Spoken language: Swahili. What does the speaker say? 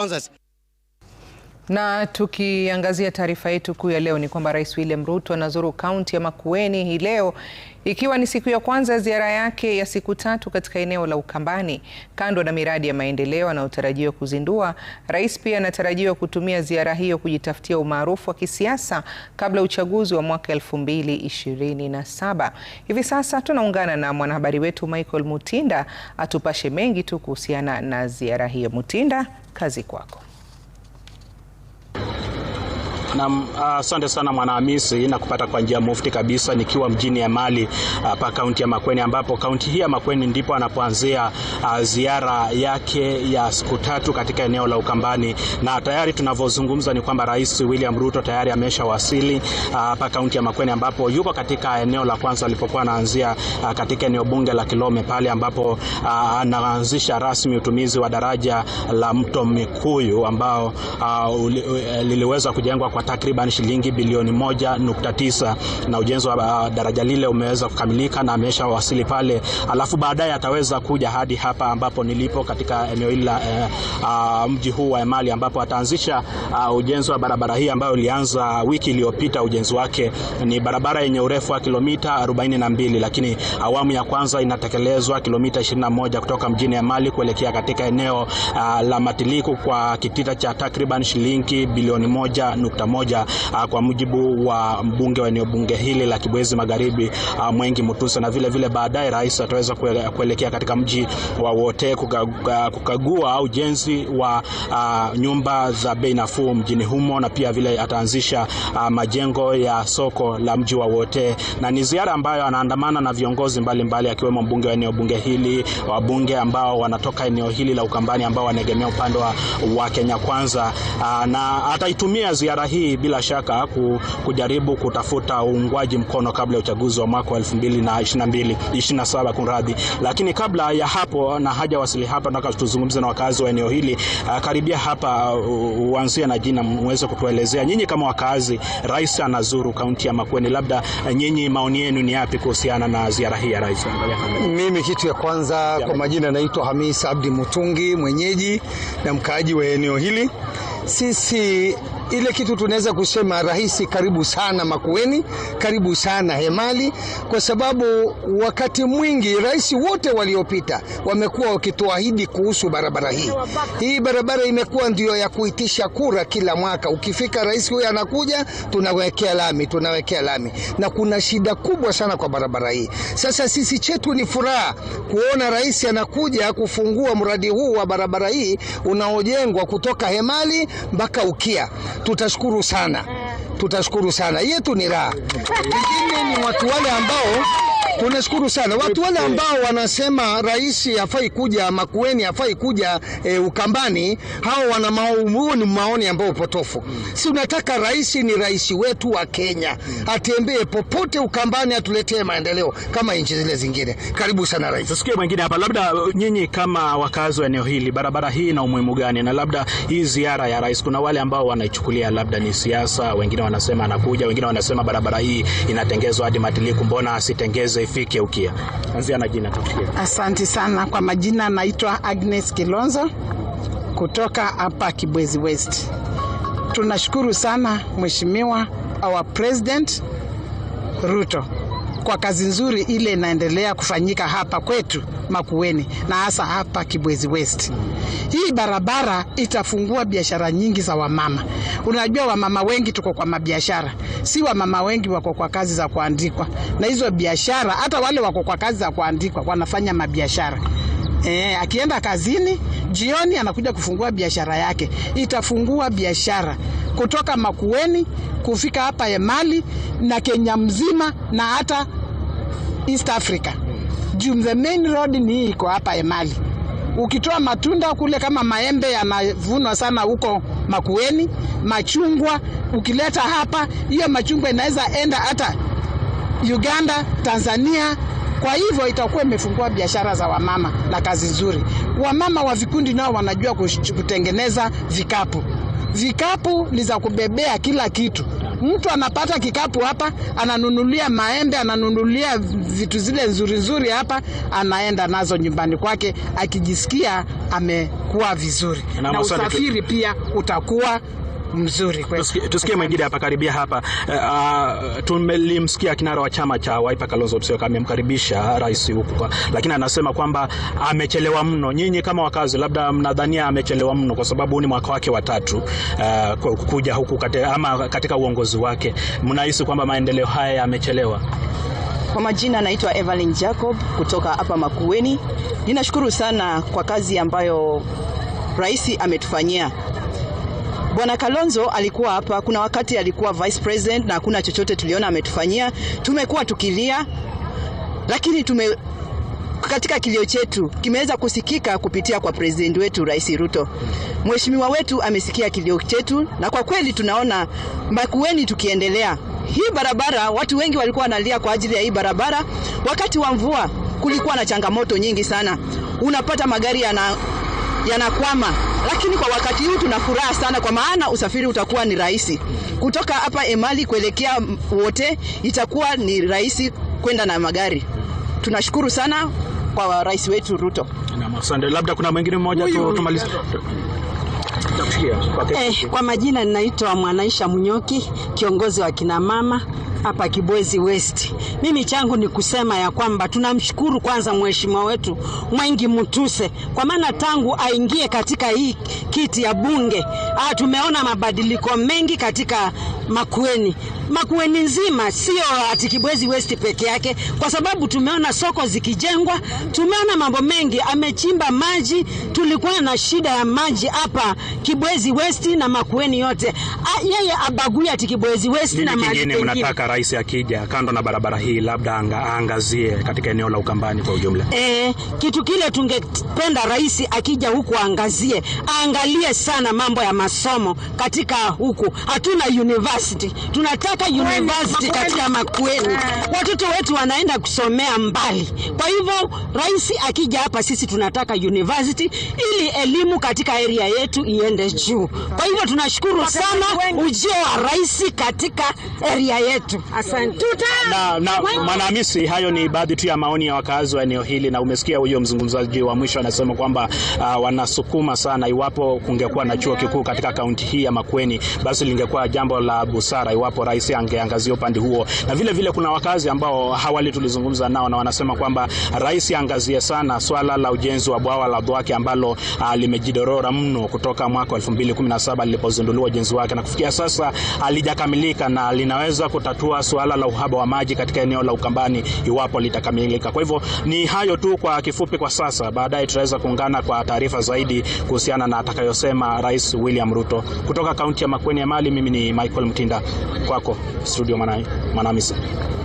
Kansas. Na tukiangazia taarifa yetu kuu ya leo ni kwamba Rais William Ruto anazuru kaunti ya Makueni hii leo ikiwa ni siku ya kwanza ya ziara yake ya siku tatu katika eneo la Ukambani. Kando na miradi ya maendeleo anayotarajiwa kuzindua, rais pia anatarajiwa kutumia ziara hiyo kujitafutia umaarufu wa kisiasa kabla uchaguzi wa mwaka 2027. Hivi sasa tunaungana na mwanahabari wetu Michael Mutinda atupashe mengi tu kuhusiana na ziara hiyo. Mutinda, kazi kwako. Naam, ah, asante uh, sana Mwanahamisi na kupata kwa njia mufti kabisa, nikiwa mjini ya Mali hapa ah, uh, kaunti ya Makueni, ambapo kaunti hii ya Makueni ndipo anapoanzia uh, ziara yake ya siku tatu katika eneo la Ukambani, na tayari tunavyozungumza ni kwamba Rais William Ruto tayari ameshawasili uh, hapa uh, kaunti ya Makueni, ambapo yuko katika eneo la kwanza alipokuwa anaanzia uh, katika eneo bunge la Kilome pale ambapo uh, anaanzisha rasmi utumizi wa daraja la mto Mikuyu ambao uh, uh, liliweza kujengwa kwa takriban shilingi bilioni moja nukta tisa na ujenzi wa daraja lile umeweza kukamilika na ameshawasili pale, alafu baadaye ataweza kuja hadi hapa hapa ambapo nilipo katika eneo hili la eh, uh, mji huu wa Emali ambapo ataanzisha uh, ujenzi wa barabara hii ambayo ilianza wiki iliyopita. Ujenzi wake ni barabara yenye urefu wa kilomita 42, lakini awamu ya kwanza inatekelezwa kilomita 21 kutoka mjini Emali kuelekea katika eneo uh, la Matiliku kwa kitita cha takriban shilingi bilioni 1.1 uh, kwa mujibu wa mbunge wa eneo bunge hili la Kibwezi Magharibi uh, Mwengi Mutusa, na vile vile baadaye rais ataweza kuelekea katika mji wawote kukagua, kukagua ujenzi wa uh, nyumba za bei nafuu mjini humo, na pia vile ataanzisha uh, majengo ya soko la mji wa wote, na ni ziara ambayo anaandamana na viongozi mbalimbali akiwemo mbunge wa eneo bunge hili, wabunge ambao wanatoka eneo hili la Ukambani ambao wanaegemea upande wa, Kenya Kwanza uh, na ataitumia ziara hii bila shaka kujaribu kutafuta uungwaji mkono kabla ya uchaguzi wa mwaka wa 2022 27 kunradhi, lakini kabla ya hapo na haja wasili hapa, nataka tuzungumze na wakazi wa eneo hili ah, karibia hapa. uanzie na jina, mweze kutuelezea nyinyi kama wakazi, rais anazuru kaunti ya Makueni, labda eh, nyinyi maoni yenu ni yapi kuhusiana na ziara hii ya rais? Mimi kitu ya kwanza ya kwa majina naitwa Hamis Abdi Mutungi, mwenyeji na mkaaji wa eneo hili. Sisi ile kitu tunaweza kusema rahisi, karibu sana Makueni, karibu sana Hemali, kwa sababu wakati mwingi rais wote waliopita wamekuwa wakituahidi kuhusu barabara hii. Hii barabara imekuwa ndio ya kuitisha kura kila mwaka, ukifika rais huyo anakuja, tunawekea lami, tunawekea lami, na kuna shida kubwa sana kwa barabara hii. Sasa sisi chetu ni furaha kuona rais anakuja kufungua mradi huu wa barabara hii unaojengwa kutoka Hemali mpaka Ukia tutashukuru sana, tutashukuru sana. Yetu ni raha, wengine ni watu wale ambao Tunashukuru sana watu wale ambao wanasema rais hafai kuja Makueni, hafai kuja e, Ukambani. Hao wana maoni, maoni ambayo potofu. Si unataka rais, ni rais wetu wa Kenya, atembee popote Ukambani, atuletee maendeleo kama nchi zile zingine. Karibu sana rais. Tusikie mwingine hapa, labda uh, nyinyi kama wakazi wa eneo hili, barabara hii ina umuhimu gani? Na labda hii ziara ya rais, kuna wale ambao wanaichukulia labda ni siasa, wengine wanasema anakuja, wengine wanasema barabara hii inatengezwa hadi Matiliku, mbona asitengeze ifike UKIA. Anzia na jina tukia. Asante sana kwa majina, naitwa Agnes Kilonzo kutoka hapa Kibwezi West. Tunashukuru sana mheshimiwa our president Ruto kwa kazi nzuri ile inaendelea kufanyika hapa kwetu Makueni na hasa hapa Kibwezi West. Hii barabara itafungua biashara nyingi za wamama. Unajua, wamama wengi tuko kwa mabiashara, si wamama wengi wako kwa kazi za kuandikwa, na hizo biashara hata wale wako kwa kazi za kuandikwa wanafanya mabiashara Eh, akienda kazini jioni anakuja kufungua biashara yake. Itafungua biashara kutoka Makueni kufika hapa Emali na Kenya mzima na hata East Africa. Juu the main road ni iko hapa Emali. Ukitoa matunda kule kama maembe yanavunwa sana huko Makueni, machungwa ukileta hapa, hiyo machungwa inaweza enda hata Uganda, Tanzania kwa hivyo itakuwa imefungua biashara za wamama na kazi nzuri. Wamama wa vikundi nao wanajua kutengeneza vikapu. Vikapu ni za kubebea kila kitu. Mtu anapata kikapu hapa, ananunulia maembe, ananunulia vitu zile nzuri nzuri hapa, anaenda nazo nyumbani kwake akijisikia amekuwa vizuri, na, na usafiri pia utakuwa mzuri kweli. Tusikie, tusikie mwingine hapa karibia hapa. Uh, tumelimsikia kinara wa chama cha Wiper Kalonzo Musyoka amemkaribisha rais huku, lakini anasema kwamba amechelewa mno. Nyinyi kama wakazi, labda mnadhania amechelewa mno kwa sababu ni mwaka wake watatu uh, eh, kuja huku kate, ama katika uongozi wake, mnahisi kwamba maendeleo haya yamechelewa? Kwa majina anaitwa Evelyn Jacob kutoka hapa Makueni. Ninashukuru sana kwa kazi ambayo rais ametufanyia Bwana Kalonzo alikuwa hapa, kuna wakati alikuwa vice president na hakuna chochote tuliona ametufanyia. Tumekuwa tukilia, lakini tume katika kilio chetu kimeweza kusikika kupitia kwa president wetu Rais Ruto. Mheshimiwa wetu amesikia kilio chetu, na kwa kweli tunaona Makueni tukiendelea hii barabara. Watu wengi walikuwa wanalia kwa ajili ya hii barabara. Wakati wa mvua kulikuwa na changamoto nyingi sana, unapata magari yana yanakwama, lakini kwa wakati huu tuna furaha sana, kwa maana usafiri utakuwa ni rahisi kutoka hapa Emali kuelekea wote, itakuwa ni rahisi kwenda na magari. Tunashukuru sana kwa rais wetu Ruto. asante, labda kuna mwingine mmoja tu tumalize. Eh, kwa majina ninaitwa Mwanaisha Munyoki, kiongozi wa kinamama hapa Kibwezi West. Mimi changu ni kusema ya kwamba tunamshukuru kwanza mheshimiwa wetu Mwengi Mutuse kwa maana tangu aingie katika hii kiti ya bunge, ah, tumeona mabadiliko mengi katika Makueni. Makueni nzima, sio ati Kibwezi West peke yake, kwa sababu tumeona soko zikijengwa, tumeona mambo mengi. Amechimba maji, tulikuwa na shida ya maji hapa Kibwezi West na Makueni yote. Ah, yeye abagui ati Kibwezi West na maji mengine. Mnataka rais akija kando na barabara hii, labda anga, angazie katika eneo la Ukambani kwa ujumla. Eh, kitu kile tungependa rais akija huku angazie, aangalie sana mambo ya masomo katika huku, hatuna university tunataka mpaka university katika Makueni, ah. watoto wetu wanaenda kusomea mbali. Kwa hivyo rais akija hapa, sisi tunataka university ili elimu katika area yetu iende juu. Kwa hivyo tunashukuru sana ujio wa rais katika area yetu, asante. Na, na Mwanahamisi, hayo ni baadhi tu ya maoni ya wakazi wa eneo hili, na umesikia huyo mzungumzaji wa mwisho anasema kwamba uh, wanasukuma sana. Iwapo kungekuwa na chuo kikuu katika kaunti hii ya Makueni, basi lingekuwa jambo la busara iwapo rais basi angeangazia upande huo, na vile vile kuna wakazi ambao hawali tulizungumza nao na wanasema kwamba rais angazie sana swala la ujenzi wa bwawa la Bwake ambalo ah, limejidorora mno kutoka mwaka 2017 lilipozinduliwa ujenzi wake na kufikia sasa alijakamilika na linaweza kutatua swala la uhaba wa maji katika eneo la Ukambani iwapo litakamilika. Kwa hivyo ni hayo tu kwa kifupi kwa sasa, baadaye tutaweza kuungana kwa taarifa zaidi kuhusiana na atakayosema Rais William Ruto. Kutoka kaunti ya makweni ya Mali, mimi ni Michael Mtinda, kwako. studio Manai. My name is